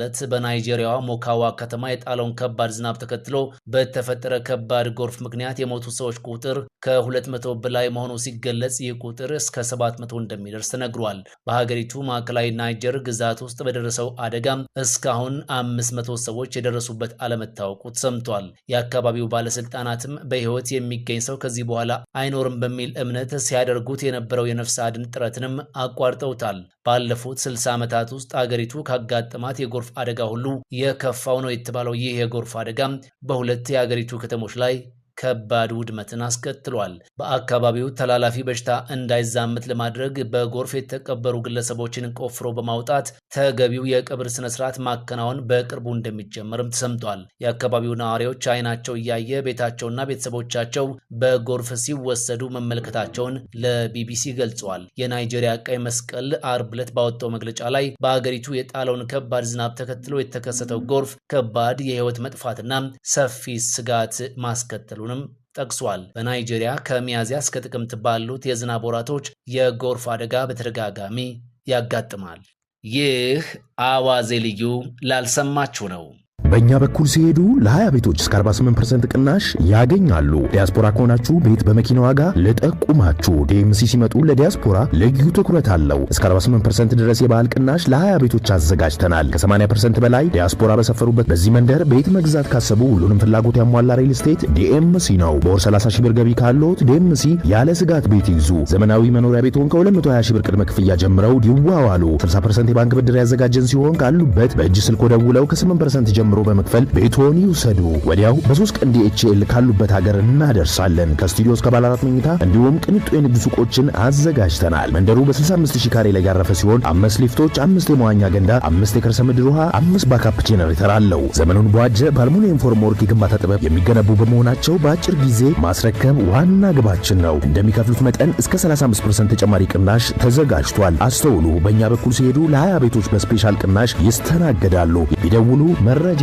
ለት በናይጄሪያዋ ሞካዋ ከተማ የጣለውን ከባድ ዝናብ ተከትሎ በተፈጠረ ከባድ ጎርፍ ምክንያት የሞቱ ሰዎች ቁጥር ከ200 በላይ መሆኑ ሲገለጽ ይህ ቁጥር እስከ 700 እንደሚደርስ ተነግሯል። በሀገሪቱ ማዕከላዊ ናይጀር ግዛት ውስጥ በደረሰው አደጋም እስካሁን 500 ሰዎች የደረሱበት አለመታወቁ ተሰምቷል። የአካባቢው ባለስልጣናትም በሕይወት የሚገኝ ሰው ከዚህ በኋላ አይኖርም በሚል እምነት ሲያደርጉት የነበረው የነፍስ አድን ጥረትንም አቋርጠውታል። ባለፉት 60 ዓመታት ውስጥ አገሪቱ ካጋጠማት የጎ የጎርፍ አደጋ ሁሉ የከፋው ነው የተባለው ይህ የጎርፍ አደጋ በሁለት የአገሪቱ ከተሞች ላይ ከባድ ውድመትን አስከትሏል። በአካባቢው ተላላፊ በሽታ እንዳይዛመት ለማድረግ በጎርፍ የተቀበሩ ግለሰቦችን ቆፍሮ በማውጣት ተገቢው የቅብር ስነ ስርዓት ማከናወን በቅርቡ እንደሚጀመርም ተሰምቷል። የአካባቢው ነዋሪዎች አይናቸው እያየ ቤታቸውና ቤተሰቦቻቸው በጎርፍ ሲወሰዱ መመልከታቸውን ለቢቢሲ ገልጸዋል። የናይጄሪያ ቀይ መስቀል አርብ ዕለት ባወጣው መግለጫ ላይ በአገሪቱ የጣለውን ከባድ ዝናብ ተከትሎ የተከሰተው ጎርፍ ከባድ የሕይወት መጥፋትና ሰፊ ስጋት ማስከተሉንም ጠቅሷል። በናይጄሪያ ከሚያዝያ እስከ ጥቅምት ባሉት የዝናብ ወራቶች የጎርፍ አደጋ በተደጋጋሚ ያጋጥማል። ይህ አዋዜ ልዩ ላልሰማችሁ ነው። በእኛ በኩል ሲሄዱ ለ20 ቤቶች እስከ 48 ቅናሽ ያገኛሉ። ዲያስፖራ ከሆናችሁ ቤት በመኪና ዋጋ ልጠቁማችሁ። ዲኤምሲ ሲመጡ ለዲያስፖራ ልዩ ትኩረት አለው። እስከ 48 ድረስ የባህል ቅናሽ ለ20 ቤቶች አዘጋጅተናል። ከ80 በላይ ዲያስፖራ በሰፈሩበት በዚህ መንደር ቤት መግዛት ካሰቡ ሁሉንም ፍላጎት ያሟላ ሪል ስቴት ዲኤምሲ ነው። በወር 30 ሺህ ብር ገቢ ካለዎት ዲኤምሲ ያለ ስጋት ቤት ይዙ ዘመናዊ መኖሪያ ቤትሆን ከ220 ሺህ ብር ቅድመ ክፍያ ጀምረው ይዋዋሉ። 60 የባንክ ብድር ያዘጋጀን ሲሆን ካሉበት በእጅ ስልኮ ደውለው ከ8 ጀምሮ በመክፈል ቤትዎን ይውሰዱ። ወዲያው በሶስት ቀን ዲኤችኤል ካሉበት ሀገር እናደርሳለን። ከስቱዲዮ እስከ አራት መኝታ እንዲሁም ቅንጡ የንግድ ሱቆችን አዘጋጅተናል። መንደሩ በ65 ሺህ ካሬ ላይ ያረፈ ሲሆን አምስት ሊፍቶች፣ አምስት የመዋኛ ገንዳ፣ አምስት የከርሰ ምድር ውሃ፣ አምስት ባካፕ ጄኔሬተር አለው። ዘመኑን በዋጀ በአልሙኒየም ፎርም ወርክ የግንባታ ጥበብ የሚገነቡ በመሆናቸው በአጭር ጊዜ ማስረከብ ዋና ግባችን ነው። እንደሚከፍሉት መጠን እስከ 35 ተጨማሪ ቅናሽ ተዘጋጅቷል። አስተውሉ። በእኛ በኩል ሲሄዱ ለ20 ቤቶች በስፔሻል ቅናሽ ይስተናገዳሉ። ቢደውሉ መረጃ